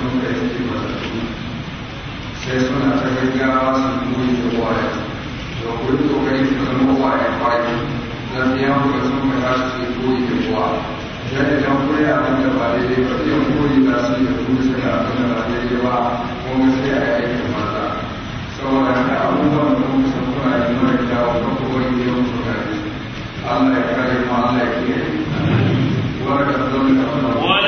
Allah ya kare mu Allah ya kiyaye. Wa ka zama da Allah.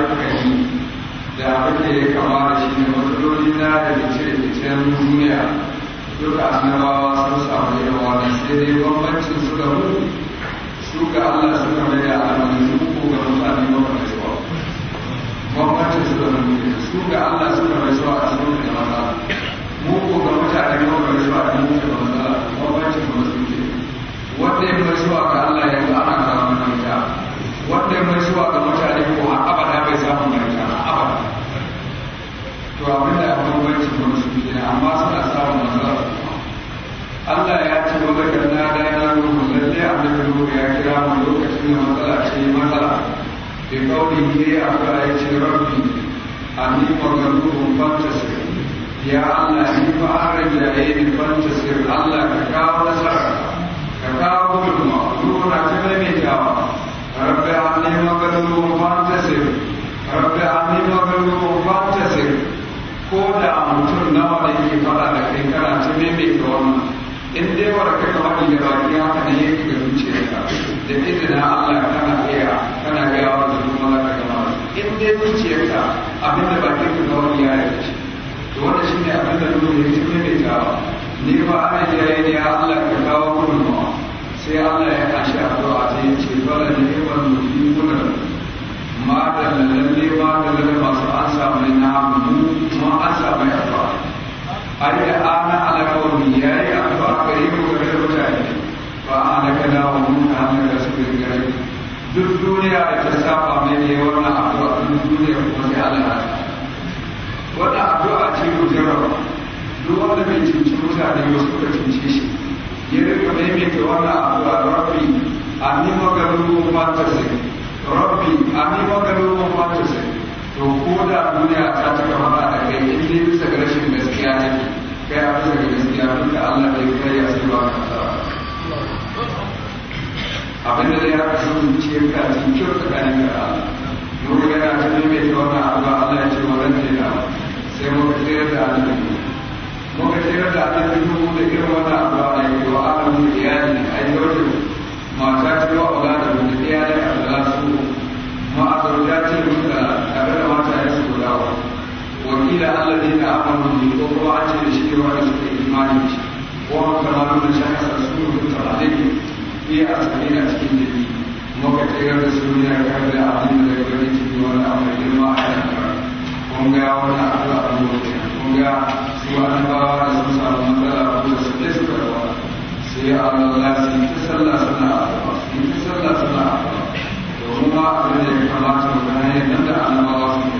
ayyukani da abin da kama da shi ne na da rikice-rikicen duniya duka annabawa sun samu yawa sai dai bambancin su mu su ga Allah mai ko ga mutane zuwa bambancin su mu su ga Allah mai zuwa a cikin da mu ko ga mutane zuwa a cikin da bambancin su wanda ya mai zuwa ga Allah ya cewa wanda a bambancin musulmi ne amma suna samun matsala Allah ya ce wa zakar na da na ruhu lalle a da ruhu ya kira mu lokacin da matsala ce matsala bi kauli ne a ga ya ce rabbi ani wa garuhu fantasir ya Allah ni fa araja ayi fantasir Allah ka kawo nasara ka kawo gudunma ruhu na ta mai jawa rabbi ani wa garuhu fantasir rabbi ani wa garuhu fantasir ko da mutum nawa da ke fara da kai kana ta meme maimaita wannan in dai warka ka wani da baki haka ne yake ga zuciyarka da ita na Allah kana iya kana ga yawa da kuma za ka gama in dai zuciyarka abin da baki ka ga wani ya yi to wannan shi ne abin da nuna ya ci ta ni ba ana jira ne ya Allah ka kawo gudunmawa sai Allah ya kashi a zuwa ta yi ce bala ne wannan ma da lalle ma da lalle masu an samu na abu kuma an samu ya fa ai da ana alakawar yayi yi abu a gare mu game da mutane ba a daga dawo mun ta hanyar da su gari duk duniya da ta saba mai ne wannan abu a duk duniya kuma sai Allah wannan addu'a ce mujarraba duk wanda bai cinci mutane ba suka cince shi ya rika maimaita wannan addu'a rabbi anni magaru ma tasiri rabbi amin wa garin wa wata sai to ko da duniya ta ci gaba ba a kai in dai bisa ga rashin gaskiya ne kai a bisa ga gaskiya da Allah bai kai ya zuwa ka abinda da ya haka sun ce ka ji kyau tsakanin ka mun ga na ne mai tsawon abu Allah ya ce wa ranke na sai muka tsayar da allah mu muka tsayar da allah annabi mu da irin wannan abu Allah ya yi wa alamu iyali ayyukan mata ta wa illa alladhina amanu bi ko kuma an ce shi ne wanda suka imani shi wa kama nuna shi aka su rubuta alaihi fi asabina cikin dabi muka tsira da su ne ga da abin da ga cikin wani abu da ma a kun ga wani abu a lokacin kun ga su annabawa da sun samu matsala ko da su ne su a a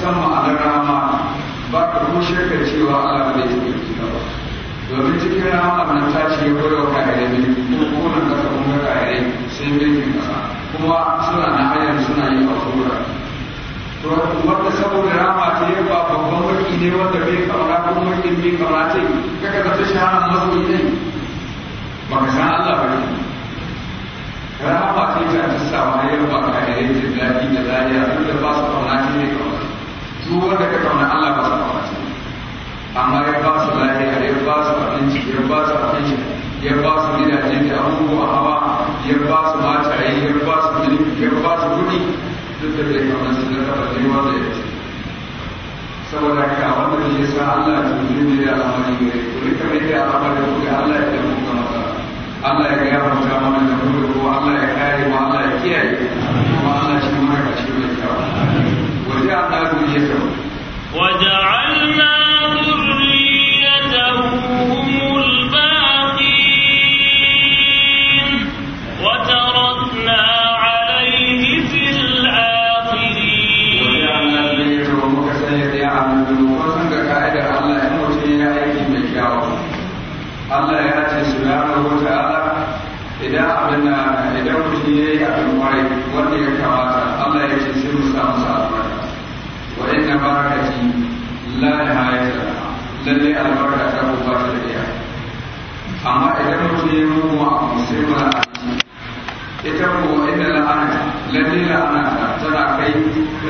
musamman a na rama ba ka kuma shekar cewa Allah bai yi kira ba domin cikin rama nan ta ce ya koyo kayayyaki ko kuma nan kasa kun ga kayayyaki sai mulkin kasa kuma suna na hanyar suna yi a tura to wanda saboda rama ta yi ba babban mulki ne wanda bai kauna ko mulkin bai kauna ce kaka ka ta shahara masu ne ba ka san Allah ba ne rama ta ta sawa ne duk wanda ka kauna Allah ba su kauna amma ya ba su lafiya ya ba su abinci ya ba su abinci ya ba su gidaje da abubuwa hawa ya ba su mataye ya ba su gudu ya ba su gudu duk da bai kauna su da kafa wanda ya ce saboda ka wanda ya sa Allah ya tuni ne da al'amari ne ku rika ne da al'amari da kuka Allah ya da mu Allah ya gaya ya mutu da kuma Allah ya kare mu Allah ya kiyaye وجعلنا ذريته وجعلنا la nihayata laha lalle albarka ta ko ba ta da amma idan mutum ya mugu a musai mala ita ko inda la'ana lalle la'ana tana kai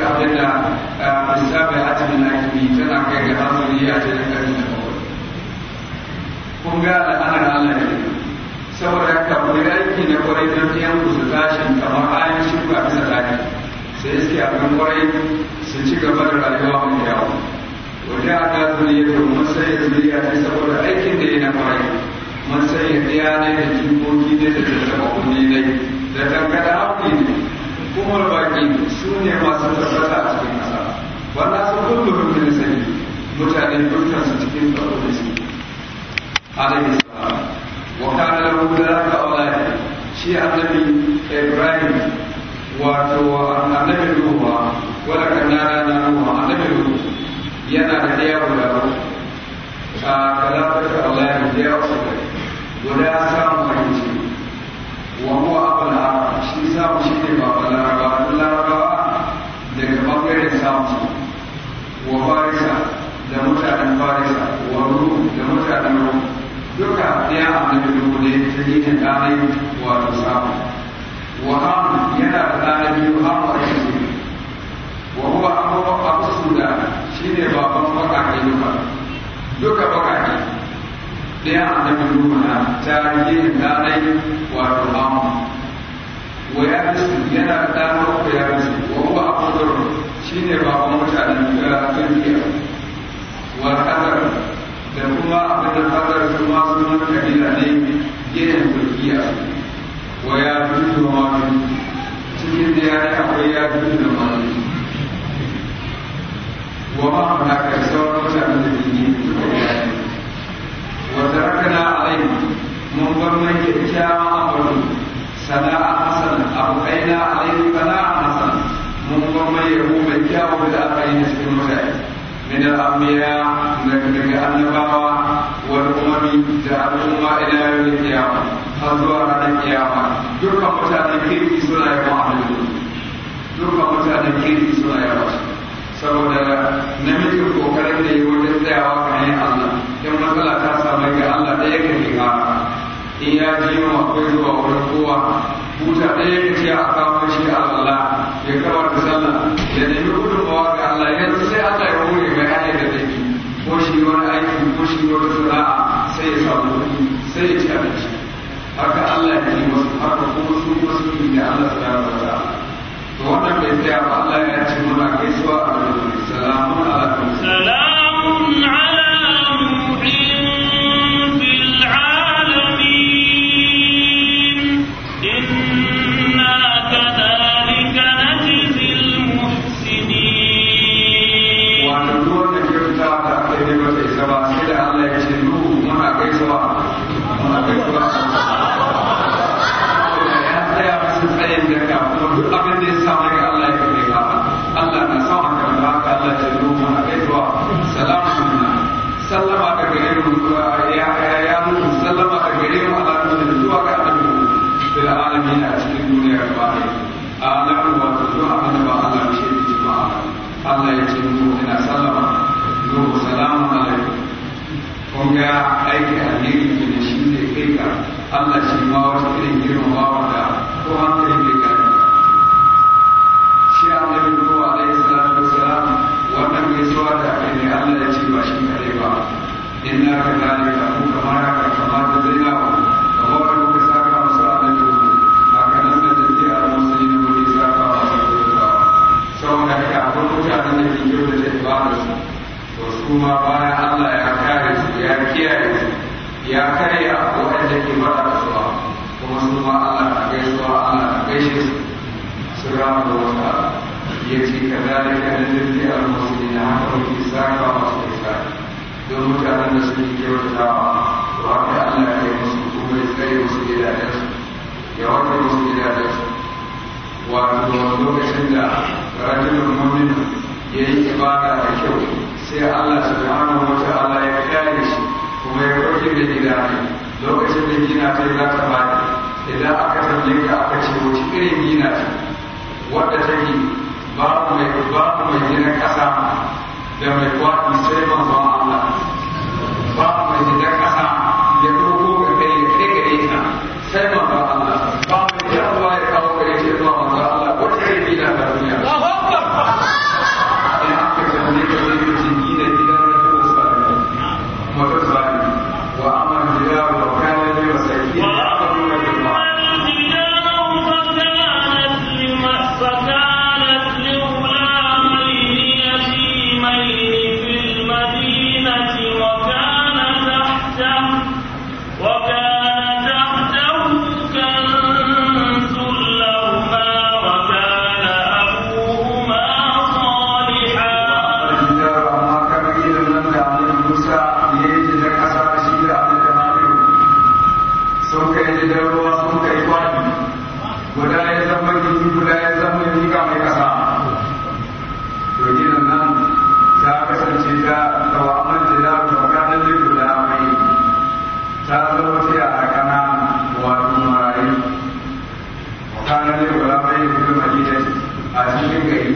abin da misabi a cikin nakibi tana kai ga hasari a cikin ƙarfi da kawai kun ga la'anar Allah ne saboda haka ku yi aiki na kwarai don ɗiyan ku su tashi kamar ayan shuka bisa tsari sai suke abin kwarai su ci gaba da rayuwa mai wajen aka zuriya da mun sai zuriya ne saboda aikin da yana bayi mun sai ɗaya ne da jikoki ne da tattaɓa ne da dangada haƙi ne kuma baƙi su ne masu tabbata a cikin ƙasa wannan su da mutum sani mutane dukkan su cikin tsaro da su alaihi salam wa kana lahu dalaka auladi shi annabi ibrahim wato annabi ruwa wala kana na ruwa annabi yana da ɗaya guda a kalafarka Allah ya da yawa su kai guda samun fahimci wa mu abin a shi samun shi ne ba balaraba larabawa daga ɓangaren samun wa farisa da mutanen farisa wa ru da mutanen ru duka ɗaya annabi ruhu ne ta yi ta ɗanai wato samun wa hamu yana da ɗanai biyu hamu a cikin wa huwa abu shi ne kuma baka ba duka baka ne ɗaya a nan annabi nuhu na tarihin ɗanai wato amma wa ya fi su yana da ɗan ya fi su wa ba a kudur shi ne kuma mutanen da turkiya wa hazar da kuma abin da su kuma sunan kabila ne yanayin turkiya wa ya fi su ma fi cikin da ya yi akwai ya fi su da ma fi su وما هم هكذا سواء كان الدين وتركنا عليهم من قرن كتاب أمر سماء حسن أبقينا عليه بناء حسن من قرن يقوم كتاب بالآخرين في المسائل من الأنبياء من النبوة والأمم الأمة إلى يوم القيامة فزوا على القيامة دكا متى نكيري سنة يا محمد دكا متى نكيري سنة يا رسول saboda namijin kokarin da yi wajen tsayawa ka ala Allah don matsala ta samu ga Allah ɗaya ka ke ƙara in ya ji ma akwai zuwa wurin kowa huta ɗaya ka ce a kawo shi ga Allah ya kawar da sallah ya nemi gudunmawa ga Allah yanzu sai Allah ya hore mai hanyar da zai ko shi wani aiki ko shi wani sana'a sai ya samu sai ya ci abinci haka Allah ya yi masu haka kuma su masu yi da Allah su da ta'ala to wannan bai tsaya ba Allah ya ce muna gaisuwa a salamun guda ya zama jiki guda ya jika mai kasa to ginin nan ta kasance ta tawaman da da tsakanin da guda mai ta zama ta yara kanana wato marayu tsakanin da guda a cikin gari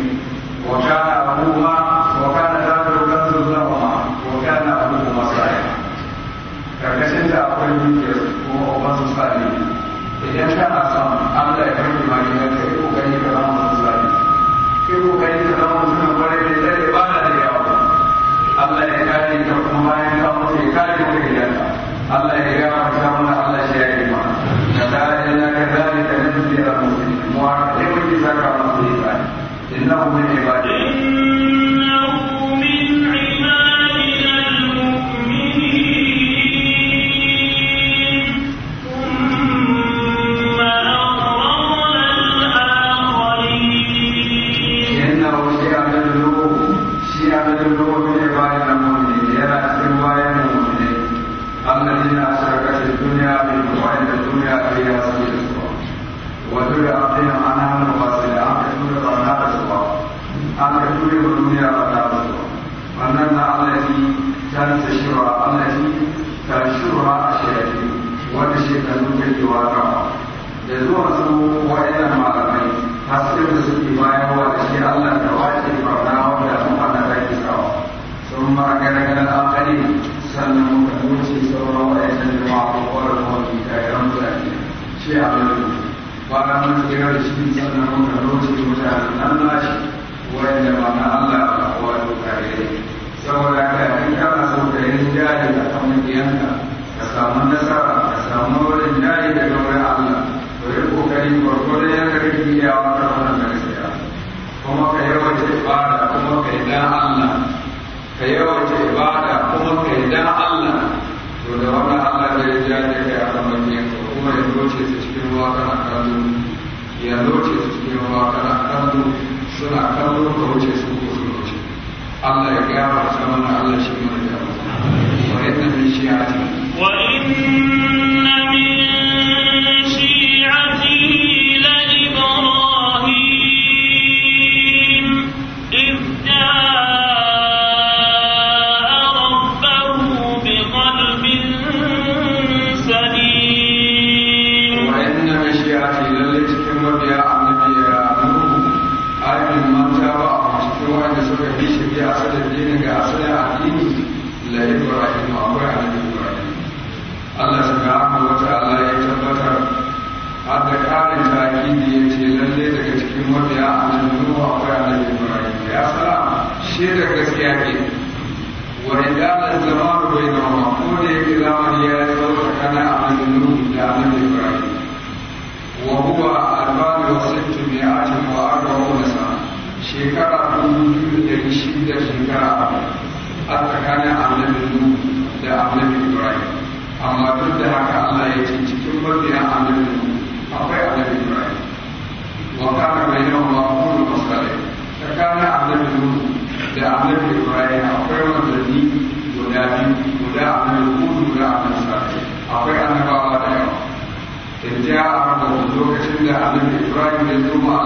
irja a ranar lokacin da annabi ibrahim ya zo allah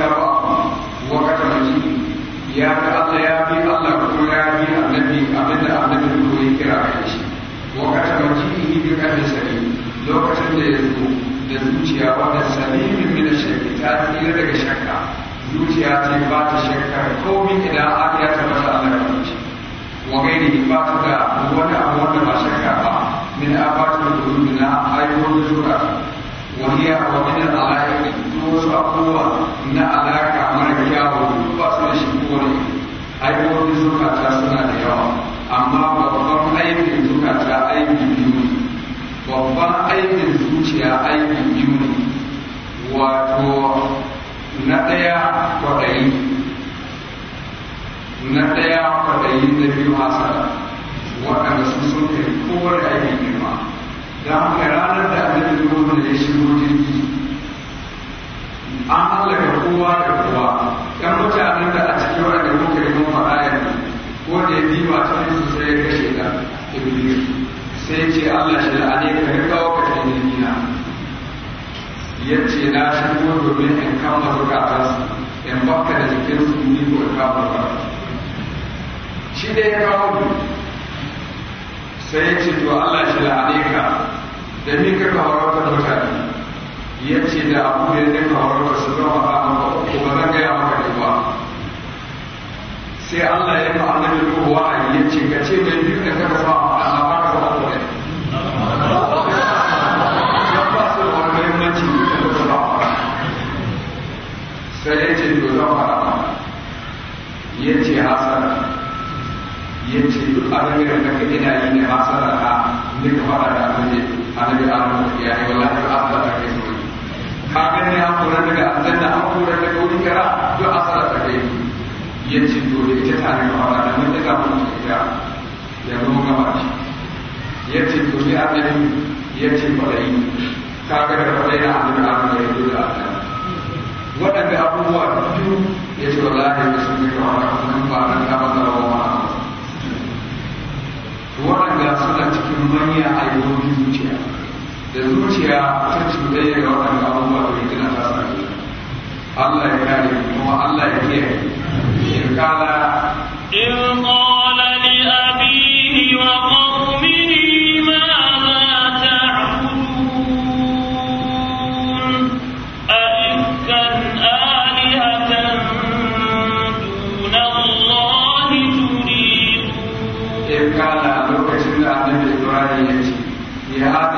allah ubangiji ai ta ba wakata maji ya ga allah ya bi allah kuma ya bi annabi abinda annabi ko ya kira a shi wakata maji ni bi kan sani lokacin da ya zo da zuciya wata salimin min shakki ta tsira daga shakka zuciya ce ba ta shakkar komai idan an ya tabbata allah ya bi shi wa gairi ba ta da wani abu wanda ba shakka من آفات قلوبنا أي نشورا وهي ومن العلائق توسع قوة من علاقة مرجعه فصل شكوري أي نشورا تسنى اليوم أما babban aikin zukata aiki biyu ne babban aikin zuciya aiki biyu wato na ɗaya kwaɗayi na ɗaya kwaɗayi da biyu hasara waɗanda su sun kai aiki da haka ranar da annabi zuwa da ya shigo jirgi an halaka kowa da kowa kan mutanen da a cikin wanda muka yi mun faɗa yanzu ko da ya diba ta musu sai ya kashe ta iblis sai ce Allah shi la'ane ka rika wa ka jirgi na yace na shigo domin in kama zukatansu in bakka da jikinsu ni ko kama ba shi da ya kawo sai ya ce to Allah shi la'ane ka da ni ka kawarwar da mutane ya ce da abu da ya kawarwar su zama ba a ko ba zan gaya maka ne ba sai Allah ya ma annabi ruhu wa ya ce ka ce da ni da ka sa a ba ka ba ko ne ya ba su da wani muhimmanci da ka ba sai ya ce to zan fara ya ce hasara ya ce duk abin da kake ina yi ne hasara na ne fara da abin da annabi Adamu ya yi wallahi ba a da kai so ka ga ne an kora daga aljanna an kora daga wuri kara duk asara ta kai ya ce to da ita ne ba da mun daga ya zo ba ya ce to ni annabi ya ce ka ga da balai na ya zo da aljanna waɗanda abubuwa biyu ya ce wallahi ba su ne ba ba ba kama ba waɗanda suna cikin manya a yawon zuciya da zuciya ta cuɗaya ga waɗanda abubuwa da rigina ta sami Allah ya kare kuma Allah ya kiyaye shirkala in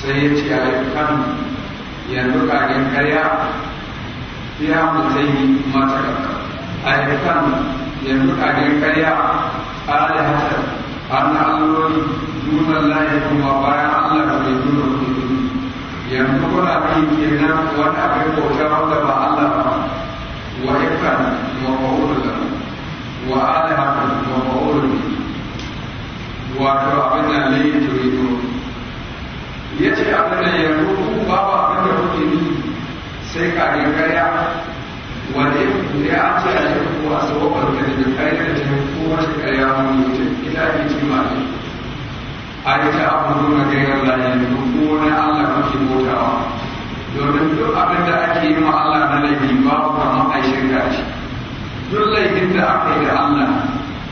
sai ya ce a kan yanzu kagen karya ya yi mata a kan yanzu kagen karya alihatar an alloli dunan layi kuma bayan allah da bai duna kudu yanzu kuna fi kenan wani abin kota wanda ba allah ba wa ikan wa ma'udu da wa alihatar wa ma'udu wato abin da ne ya ce abin da yanzu ku babu abin da kuke yi sai ka gangara wanda ya kuɗe a ce a yi kuwa su wabar da ne kayan da ta shi karya mun yi ta ita ke ce ma ne a yi ta abu abubuwa na gaya lafiya da kuma wani allah kuke motawa domin duk abin da ake yi ma allah na laifi babu kama a shirka shi duk laifin da aka yi da allah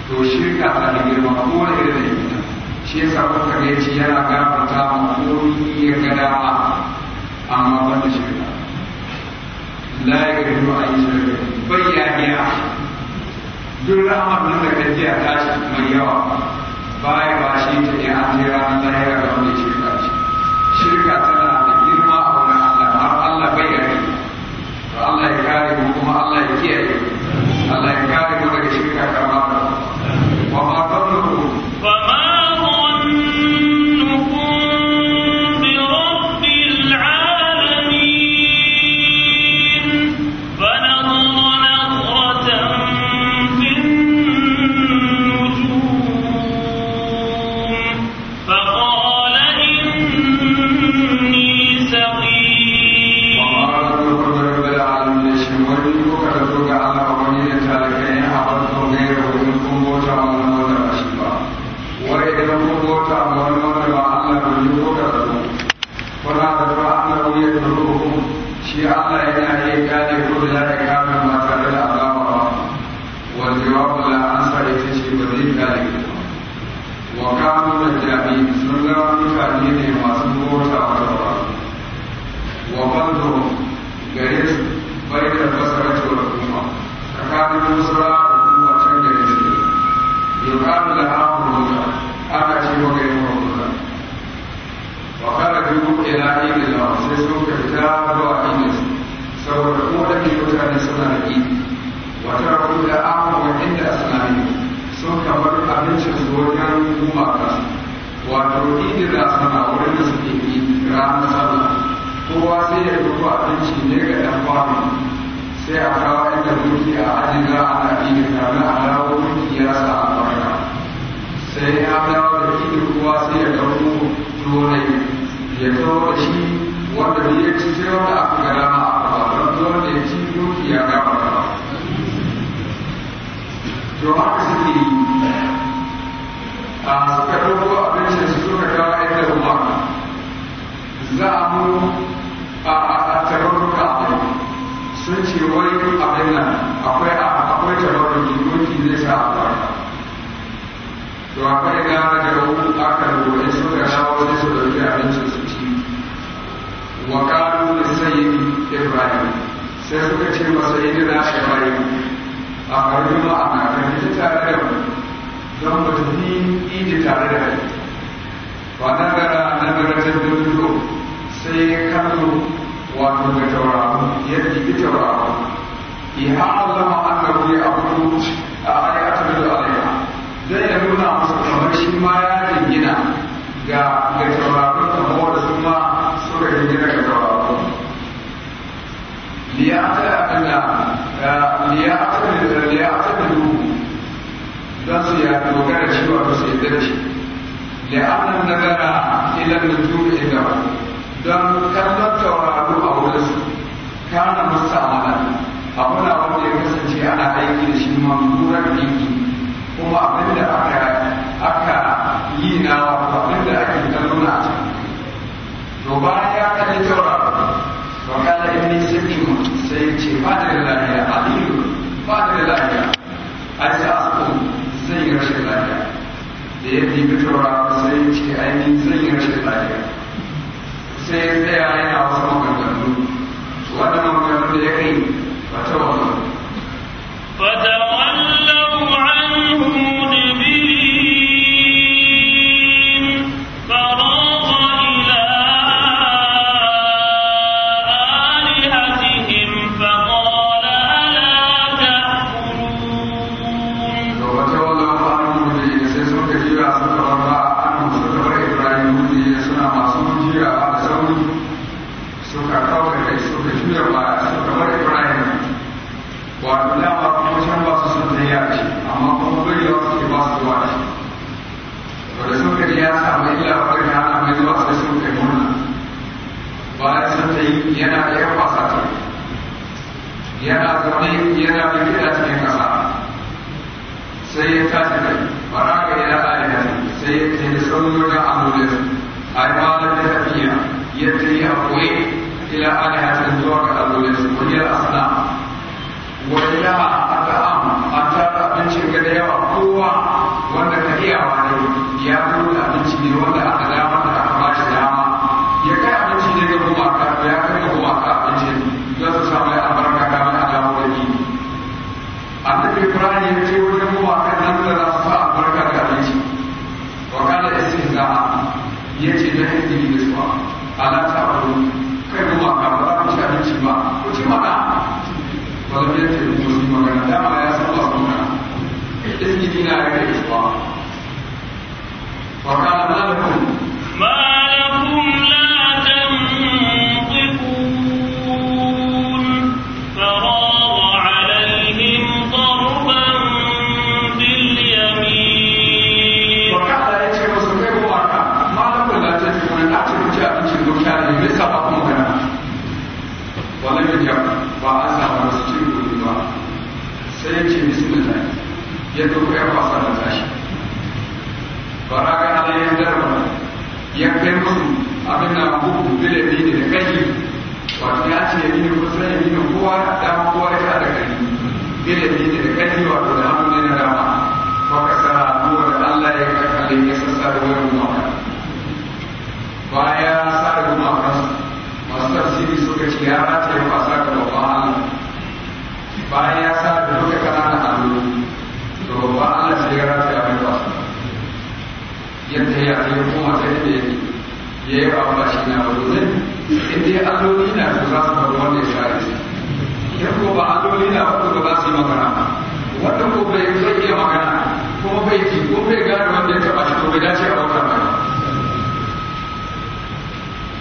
to shirka ta da girma ko wani irin laifi shi yasa bakar ya ce yana gafarta ma komi ya ga dama amma ban da shirka la ya ga ruwa a yi shirka bai ya biya duk ramar nan da gajiya ta ce mai yawa baya ba shi ta yi an je ranar lahira ga wanda shirka ce shirka tana da girma a wurin Allah har Allah bai ya yi Allah ya kare mu kuma Allah ya kiyaye Allah ya kare mu daga shirka kama water sai a kawo inda gunki a ajiga ana ɗiɗi tare a dawo gunki ya sa a barka sai ya dawo da ɗiɗi kuma sai ya ɗauko tuwo ne ya kawo da shi wanda bai ya ci wanda aka ga a kawo don da ya ci gunki ya gaba gaba. To haka suke yi a suka ɗauko abincin su suka kawo inda za a mu a ce wani abin nan akwai akwai tabarruki gunki zai sa albarka to akwai gara da rahu akan gobe suka shawo da su su ci wa kanu da sayyid ibrahim sai suka ce masa yi na ibrahim a farin ma'ana tare da mu don ba ta fi tare da kai ta sai kallo ma allama annahu ya abudu a ayatul alaiha zai da nuna masa kamar shi ma ya dingina ga ga tauraron kamar da su ma suka dingina ga tauraron liya ta anna liya ta liya ta don su ya dogara shi wato su yadda da shi don kallon tauraro a wurin su kana musu mamura da yanki kuma abin da aka aka yi na wato abin da ake ta nuna a ta to bayan ya kalli tauraro to kada in ni sakin sai ce ba da lafiya aliyu ba da lafiya ai sai asibin zai yi rashin lafiya da ya ɗibi tauraro sai ce ai ni zai yi rashin lafiya sai ya tsaya yana wasu maganganu wannan maganganu da ya kai ba ta wani dokokin amurin tafiya yadda yi akwai ila ana ya tun ga amurin su kuliyar asna wani ya aka am an tara abincin ga da yawa kowa wanda ka iya wani ya kuma abinci ne wanda yadda ya yi kuma sai da yake ya yi ba ba shi na ba domin in dai na su za su faru wanda ya sa su yan ko ba alloli na wanda ba su yi magana wanda ko bai zai iya magana bai ko bai gane wanda ya taba shi ko bai dace a wata ba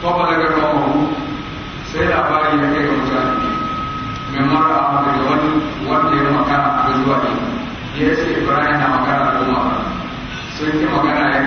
ko ba daga kawo sai labari ya kai ga mutane mai mara a daga wani wanda ya magana a zuwa ne ya ce ibrahim na magana da kuma sai ke magana ya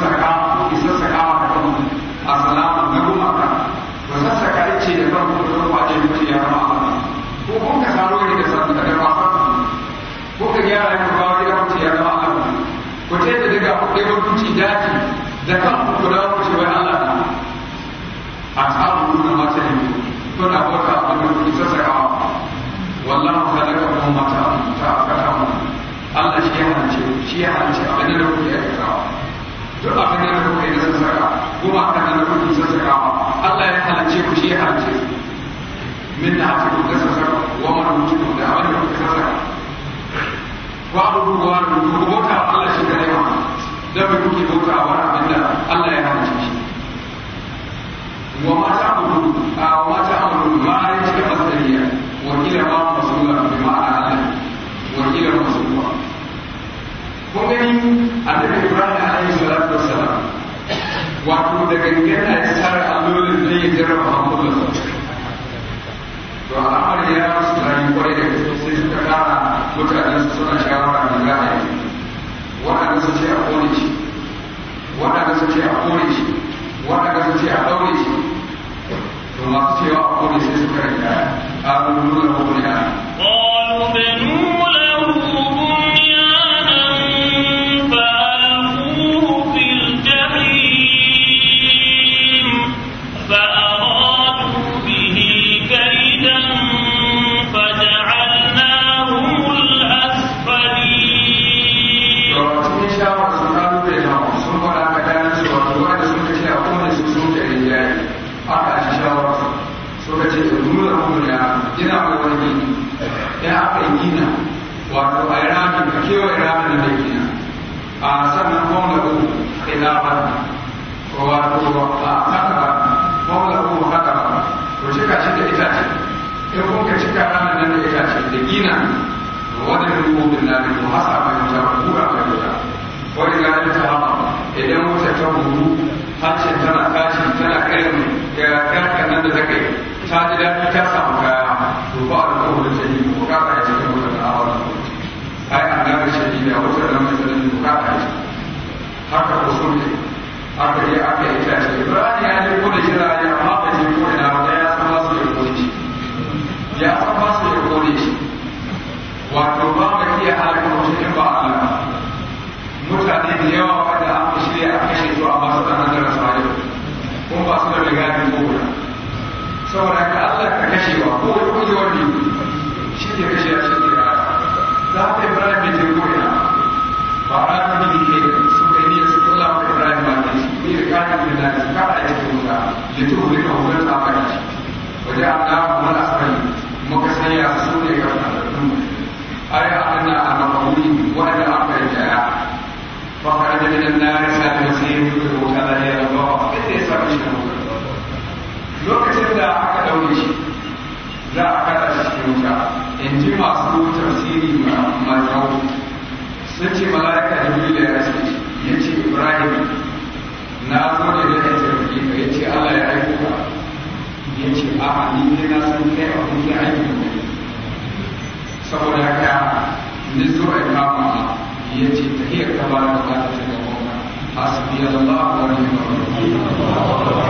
Mr. McConnell. shi ya haramce su min na hafi da sassa wa da wani da sassa wa abubuwa da ku Allah shi kare ma da ku kuke bauta wa abinda Allah ya haramce shi wa mata abudu a mata abudu ma masariya wa kila ma bi wa kila gani Ibrahim salatu wato ya tsara allolin ya jarraba mutanen su suna shawara da za a yi su ce a kone shi waɗanda su ce a kone shi waɗanda su ce a ɗaure shi to masu cewa a kone shi su karanta a rubutu wato a iranin da kewa iranin da ke nan a sannan mawlaku khilafa wato a haka mawlaku haka to cika shi da itace in kun ka cika ranar nan da ita ce da gina wani rubu rubutun na da muhasa mai wuta kura mai wuta wani gani ta hama idan wata ta buru hancin tana tashi tana kai mai ga kankan nan da ta kai ta ji daɗi ta haka ko usul ne aka yi aka yi ta ce ibrahim ya ce kuma shi rayu a ba ce ko ina ba ya san masu ya kone shi ya san masu ya kone shi wato ba ka iya halin mutum in ba a Allah mutane da yawa wanda an shirya a kashe su a masu ɗan da rasa hajjar kuma ba su da ko kuna saboda ka Allah ka kashe wa ko wani kuje wani shi ne kashe a shi ke rasa za ta ibrahim ya je ko ina ba a ɗaure shi za a kada shi cikin wuta in ji masu tafsiri masu sun ce mala'ika biyu ya ce ya ce ibrahim na zo ne da ya tarbi ka ya ce allah ya a'a ka ya ce a ni ne na san kai a kuke aiki da saboda ka ni zo a kama ya ce ta hiyar ta ba da ta ta gaba hasbi allah wa rahmatullahi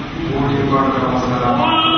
قولي قولك والسلام عليكم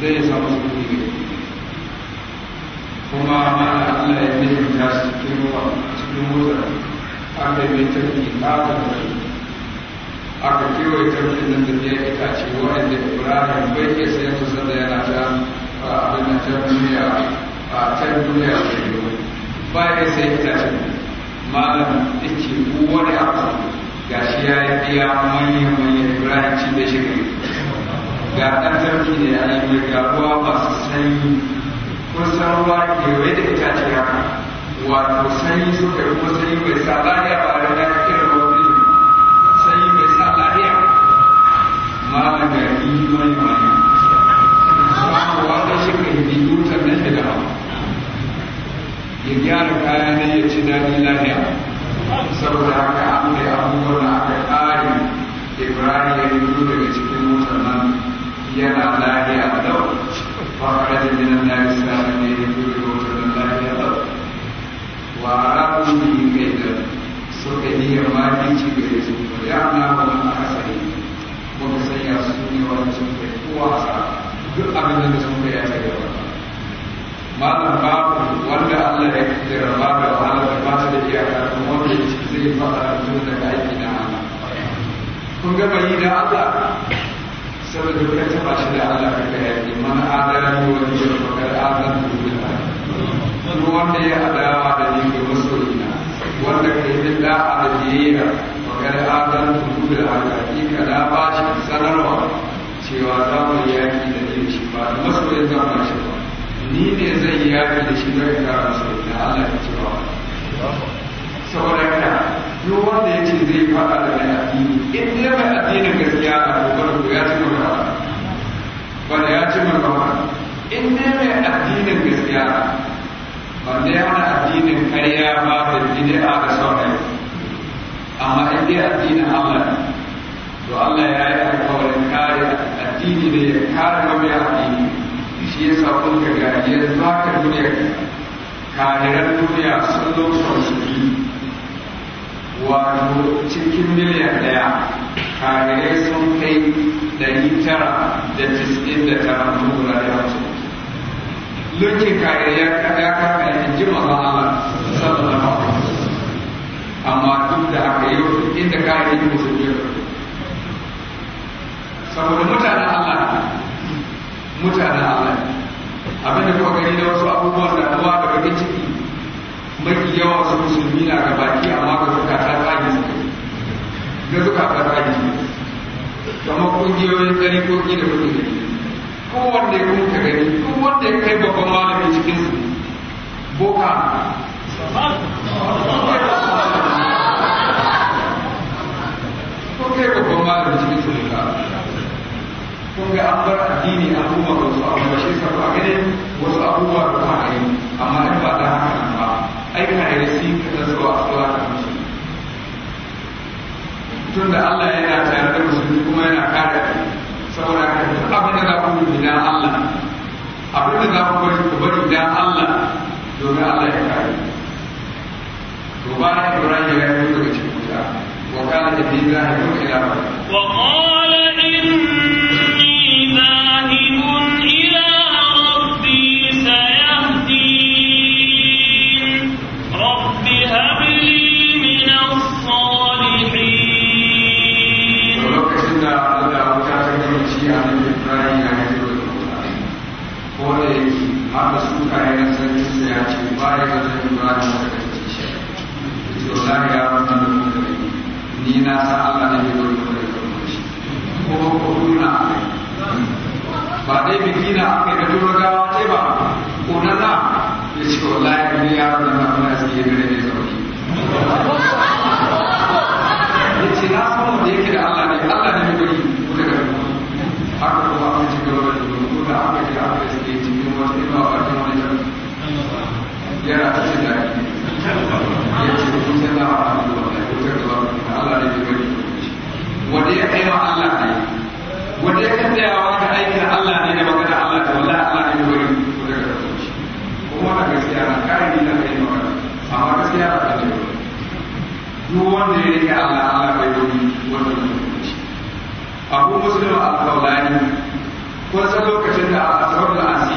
zai ya samu su kuɗi gari kuma mana Allah ya mutunta su cikin ruwa cikin wutar aka yi tarki aka tarki aka kewaye tarki nan da ya itace wa'anda bai ke sayan su sanda yana ta abin da ta duniya a can duniya da yi ba ya sai itacen malam ita ce wani abu gashi ya yi biya manyan manyan Ibrahim ci da shi ga ɗan sarki ne a yi ga ruwa masu sanyi Ko san ruwa kewaye da ce haka wato sanyi suka yi kuma sanyi mai sa lafiya ba da na kira wani sanyi mai sa lafiya malam ga yi mai mai wanda shi ka yi dutar nan daga hawa ya gyara kaya ne ya ci daɗi lafiya saboda haka an da abubuwan da aka ƙari ibrahim ya yi daga cikin motar nan yana lahiya a dau fakarajin minan na yi sami ne ya da wani sun kai a duk abin da malam babu wanda Allah ya kira da wahala da ba da iyaka kuma wanda ya zai faɗa da daga aiki na Allah kun da Allah saboda ka taba shi da Allah ka kai yaki mana ko wani yau fakar adalci bin Allah wanda ya adawa da ni ga masoyina wanda ka yi da'a da biyayya fakar adalci bin Allah hakika na ba shi sanarwa cewa za mu yaki da ni shi ba da masoyin shi ba ni ne zai yi yaki da shi don kara masoyina Allah ya ce ba saboda kana duk wanda ya ce zai faɗa da mai addini in ne mai addinin gaskiya a gobar ya ce wanda ya ci marmama in ne mai addinin gaskiya wanda ya hana addinin karya ba da a da sauran amma in dai addinin Allah to Allah ya yi alƙawarin kare addini da ya kare mabiya addini shi ya sa kun ka gari duniya kahiran duniya sun zo sauki wato cikin miliyan ɗaya kahirai sun kai ɗari tara da tisɗin da tara da mura da wasu lokin kare ya kada kama ya ji mazan Allah sallallahu alaihi wasallam amma duk da aka yi inda kare yi musulmi saboda mutanen Allah mutanen Allah abinda kuma gani da wasu abubuwan da kuma da bakin ciki mafi yawa su musulmi na gabaki amma ga zukata tsari suka ga zukata tsari da ma ko tsarikoki ko kuke ko wanda kun ka gani ko wanda kai babban malami cikin su boka ko kai babban malami cikin su boka kun ga an bar addini al'umma ba su abu ba shi sa ba gane wasu abubuwa da ba tun da Allah yana tare da musulmi kuma yana kare saboda haka duk abin da za ku yi idan Allah abin da za ku bari ku bari idan Allah domin Allah ya kare to bayan Ibrahim ya yi daga cikin wuta wa kana da bi za a yi ila wa qala inna na sa Allah ne da shi kuma ko nuna ba dai biki ga ce ba ko na na ya ci ko ya tsayawa ga aikin Allah ne da magana Allah ta wallahi Allah ne mai wani ko daga kasuwanci kuma a gaskiya na kayan yi na kai magana amma gaskiya ba ta ce duk wanda ya rike Allah Allah bai wani wanda ne kasuwanci abu muslim al-kawlani ko sai lokacin da al-asrar al-asi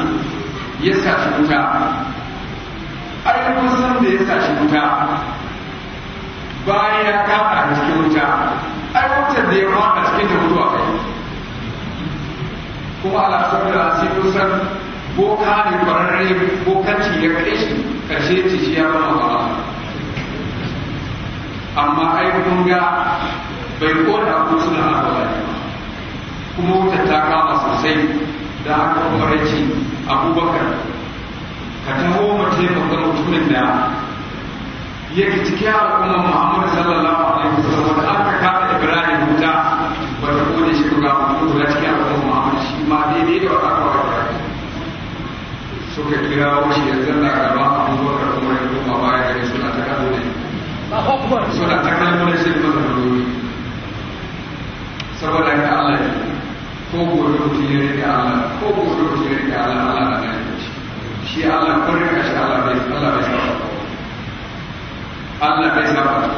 ya sa shi wuta ai kun san da ya sa shi wuta bayan ya kafa cikin wuta ai wutar da ya kafa cikin kuma ala saboda sai san boka ne kwararre bokanci ya kai shi karshe ci shi ya bama ba amma ai kun ga bai kona ko suna ba kuma wuta ta kama sosai da haka kwarai abubakar ka taho mu taimaka mutumin da yake cikin al'ummar muhammadu sallallahu suka kira shi ya zanna gaba a kuma kuma ya koma baya gani suna ta kado ne suna ta kado ne sai kuma masa kaloli saboda ka Allah ne ko gobe mutum ya rike Allah ko gobe mutum ya rike Allah Allah na gani shi Allah ko rika shi Allah bai Allah bai saba Allah bai saba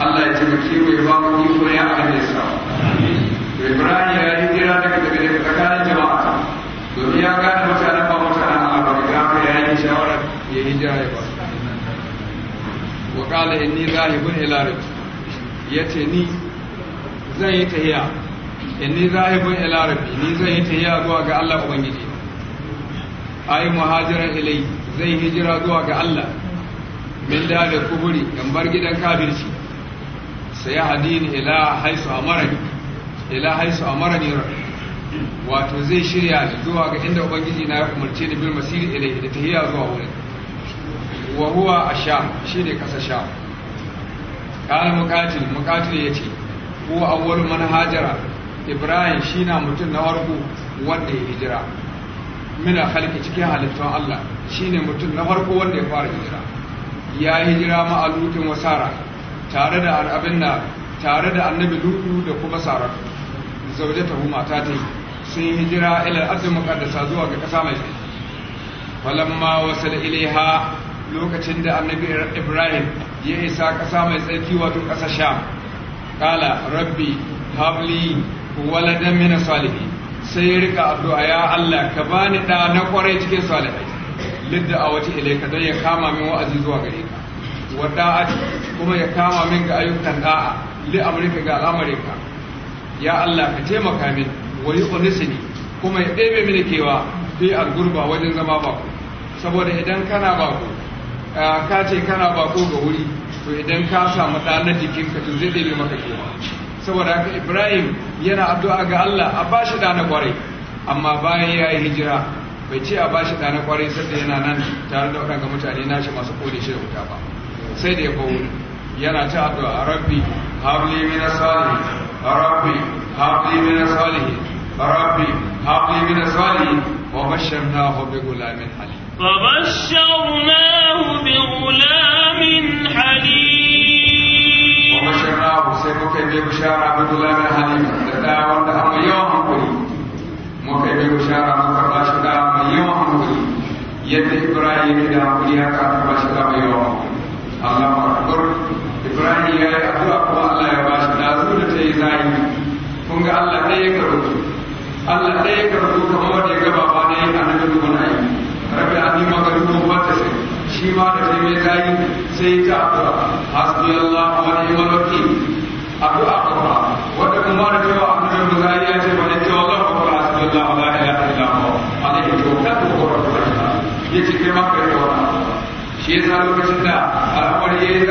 Allah ya ce mu kewaye ba mu iko ya Allah ya saba Ibrahim ya yi kira daga daga daga tsakanin jama'a domin ya gane rinjaye ba wa qala inni zahibun ila rabbi yace ni zan yi tahiya inni zahibun ila rabbi ni zan yi tahiya zuwa ga Allah ubangiji ai muhajiran ilai zai hijira zuwa ga Allah min da da kuburi in bar gidan kabirci sai hadini ila haisu amarani ila haisu amarani wato zai shirya zuwa ga inda ubangiji na umarce da bil masiri ilai da tahiya zuwa wurin wa huwa asham shine kasar sham qala muqatil muqatil yace huwa awwal man hajara ibrahim shi na mutum na farko wanda ya hijira mina halki cikin halittar allah shi ne mutum na farko wanda ya fara hijira ya hijira ma'alutin wasara tare da abin da tare da annabi lutu da kuma sarar zaune ta hu mata ta yi sun hijira ila abin mukaddasa zuwa ga kasa mai tsaye falamma wasal ilaiha lokacin da annabi ibrahim ya isa ƙasa mai tsarki wato ƙasa sha ƙala rabbi habli waladan min salihi sai ya rika addu'a ya Allah ka bani da na kwarai cikin salihi lidda a wace ilai ka ya kama min wa'azi zuwa gare ka wa da'ati kuma ya kama min ga ayyukan da'a li amrika ga al'amarika ya Allah ka taimaka min wa yuqnisni kuma ya ɗebe mini kewa bi al-gurba wajen zama baku saboda idan kana baku ka ce kana bako ga wuri to idan ka samu ɗa na jikinka to zai ɗebe maka ke saboda haka ibrahim yana addu'a ga allah a ba shi ɗa na ƙwarai amma bayan ya yi hijira bai ce a ba shi ɗa na ƙwarai da yana nan tare da waɗanda mutane na shi masu kone shi da wuta ba sai da ya bau yana ta addu'a a rabbi habli min a rabbi habli min a rabbi habli min salihin wa na hobe gulamin فبشرناه بغلام حليم وبشرناه سيبك ببشارة بغلام حليم لدى وانده أم يوم حقولي مكي ببشارة مكرباش دا أم يوم حقولي يد إبراهيم دا حقولي هكا كرباش دا أم يوم الله أكبر إبراهيم يا أبو أبو الله يا باش دا زولة إزاي كونغ الله تيك رجل الله تيك رجل كمور يقبع باني أنا جنوبنا يوم rabbi abi magalubun sai shi ma da sai mai tayi sai ta addu'a hasbi Allah wa ni'mal wakil addu'a wanda kuma da cewa annabi ya ce cewa Allah hasbi Allah la ilaha illa kai ma shi yasa lokacin da al'amari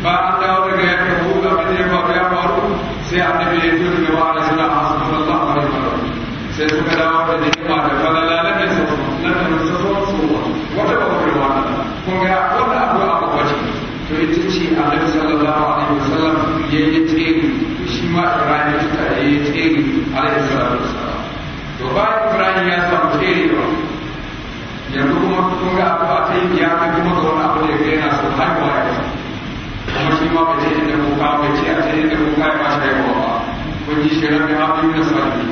ba an dawo daga yake huga ba ne ba ya faru sai annabi ya ce wa ala sunna hasbi Allah wa ni'mal wakil sai suka dawo ma ba zai kuka ba ce a zai inda kuka ya ba ta yawa ba kun ji shirin da na da sarki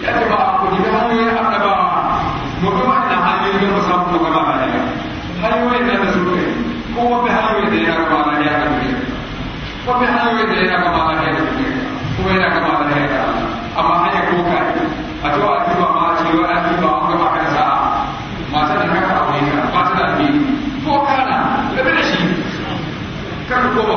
ya ce ba a kudi ba hanyoyin annaba na hanyoyin ko ba samu gaba a yaya hanyoyin da su ne ko wani hanyoyin da ya gaba na ya gaba ne ya na ya kuma ya gaba na ya gaba amma ko koka ne a to a duba ma ce wa a duba an gaba kan sa'a masu da ka ba su da biyu ko kana na shi kar ko ba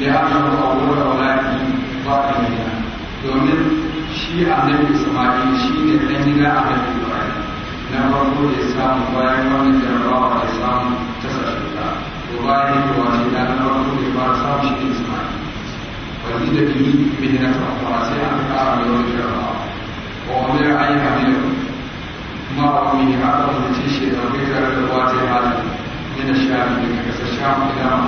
لأنه أول أولادي فاطمة domin shi annabi Ismail shi ne ɗan gida annabi Ibrahim na farko da samu bayan wani jarabawa da samu ta sarrafa to bayan da wani da na farko da fara samu shi ne Ismail wani da biyu bin na tafafa sai an ƙara da wani jarabawa wa wani ra'ayi hamilu ma wa mini haka wani ce shi da kai tare da wata halin yana shafi daga ƙasar shafi da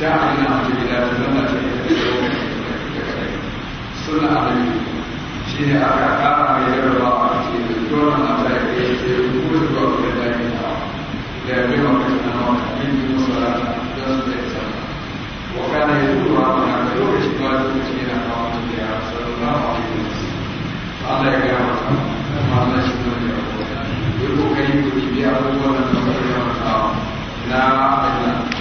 جعلنا في ذلك سنة عليه شيء أكثر يرى في الدنيا نتائج كل قبل ذلك لأبي بكر وعمر بن صلاة وكان يقول عن عبدالله إشبال المسلمين أمام الله صلى الله عليه وسلم قال يا جماعة ما نشمل يقول يقول كيف تبيع أولا نقول يا لا أعلم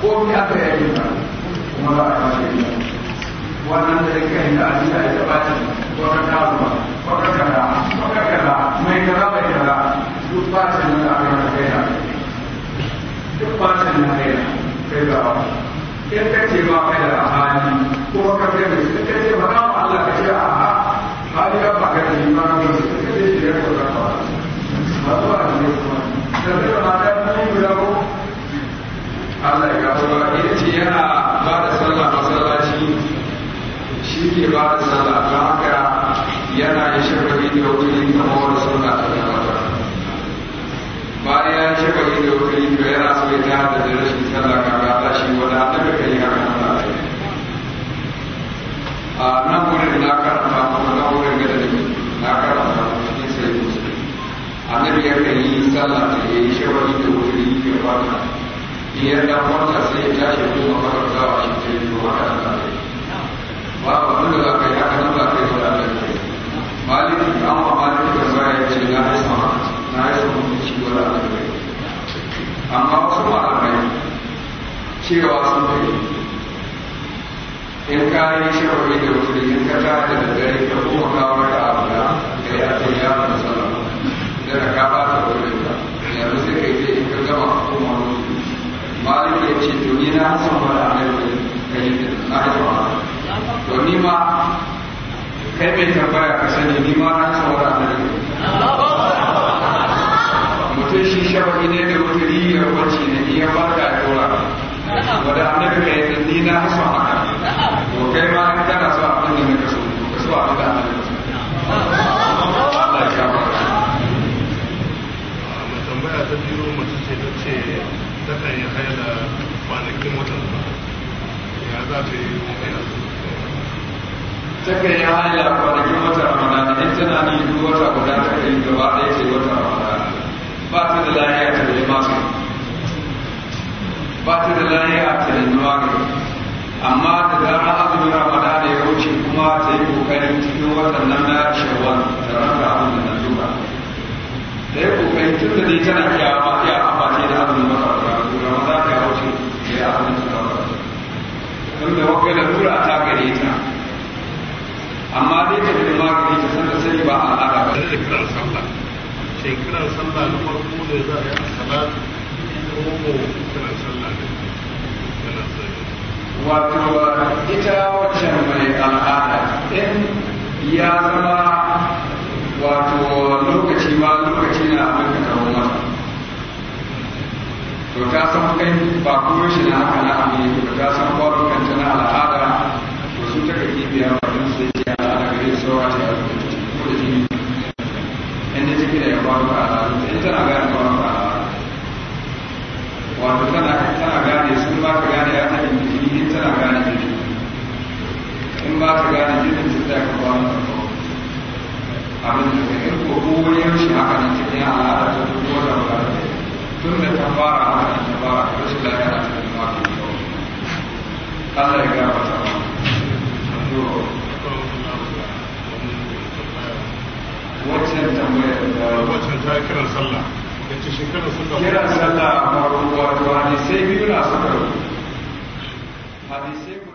ko ya ka yi kuma za a yi. wannan da yake yin ya taɓa ta wata tazuwa mai duk ba ta a kan duk ba ta yi kai ba in ka ce ba kai da hali kuma ka kai da ka ce ba ka ce a ha hali ka ba ka ka ce ka ce ya ko ka ba ba ne kuma ta ko ya ba yana yake ba da sallah don haka yana ya shafa'i da wuri da mawar sallah ta gabata bayan ya shafa'i da wuri to yana so ya tada da rashin sallah ka gata shi wanda an daga kai haka Allah ta yi a nan wurin na karanta kuma na wurin gada ne na karanta cikin sai musu annabi ya kai yi sallah ta yi shafa'i da wuri ya bata ya dan sai ya tashi kuma babu abin da za ka yi haka nan za ka yi wa Allah ke maliki an ma maliki da za ya ce na yi na yi sama ci shi wa Allah amma wasu malamai cewa sun fi in ka yi shirwari da wuri in ka ta da dare, ka kuma kawo da abu da ya ce ya musamman da ka ba ta wurin ka yanzu sai kai sai in ka gama kuma wuri maliki ya ce to ni na san wani annabi ka yi da na yi to ni ma kai mai tambaya ka sani ni ma na tsawara da ni mutum shi shafa'i ne da wata riyar wacce ne iya ba da dora wadda annabi kai yi ni na so haka to kai ma kana so abin da mai kaso ka so ka so Allah ya shafa tambaya ta biyu mutum ce ta takan yi haila kwanakin watan ya za ta yi haila take yi hanya kwanakin wata ramadana in tana ni duk wata guda ta kai gaba ɗaya ce wata ramadana ba ta da lahiya ta yi masu ba ta da lahiya ta yi magani amma da zarar azumin ramadana ya wuce kuma ta yi kokarin cikin waɗannan na shawar da ranka abin da na duba da ya kokarin tun da dai tana kyawa ya amfani da azumin mafarka ramadana ya wuce ya abin da na duba tun da wakilin tura ta gare ta amma dai ta bi magani ta san ka sani ba a al'ada ba da wato ita mai al'ada in ya zama wato lokaci ma lokaci na abin ka kawo to san ba shi na haka na abin san kanta na al'ada zai saura da yaro ko da jini inda ciki da yawa ba a in tana gane ba ba wato tana tana gane sun ba ka gane ya hada jini in tana gane jini in ba ka gane jinin su ta ka ba abin da ka irko ko wani yaushe haka nan cikin al'ada ta duk wata ba tun da ta fara haka nan ta fara rashin lafiya a cikin mafi Allah ya gabata. Thank you. wancan tambayar kiran sallah ya ce kiran sallah ne sai biyu na suka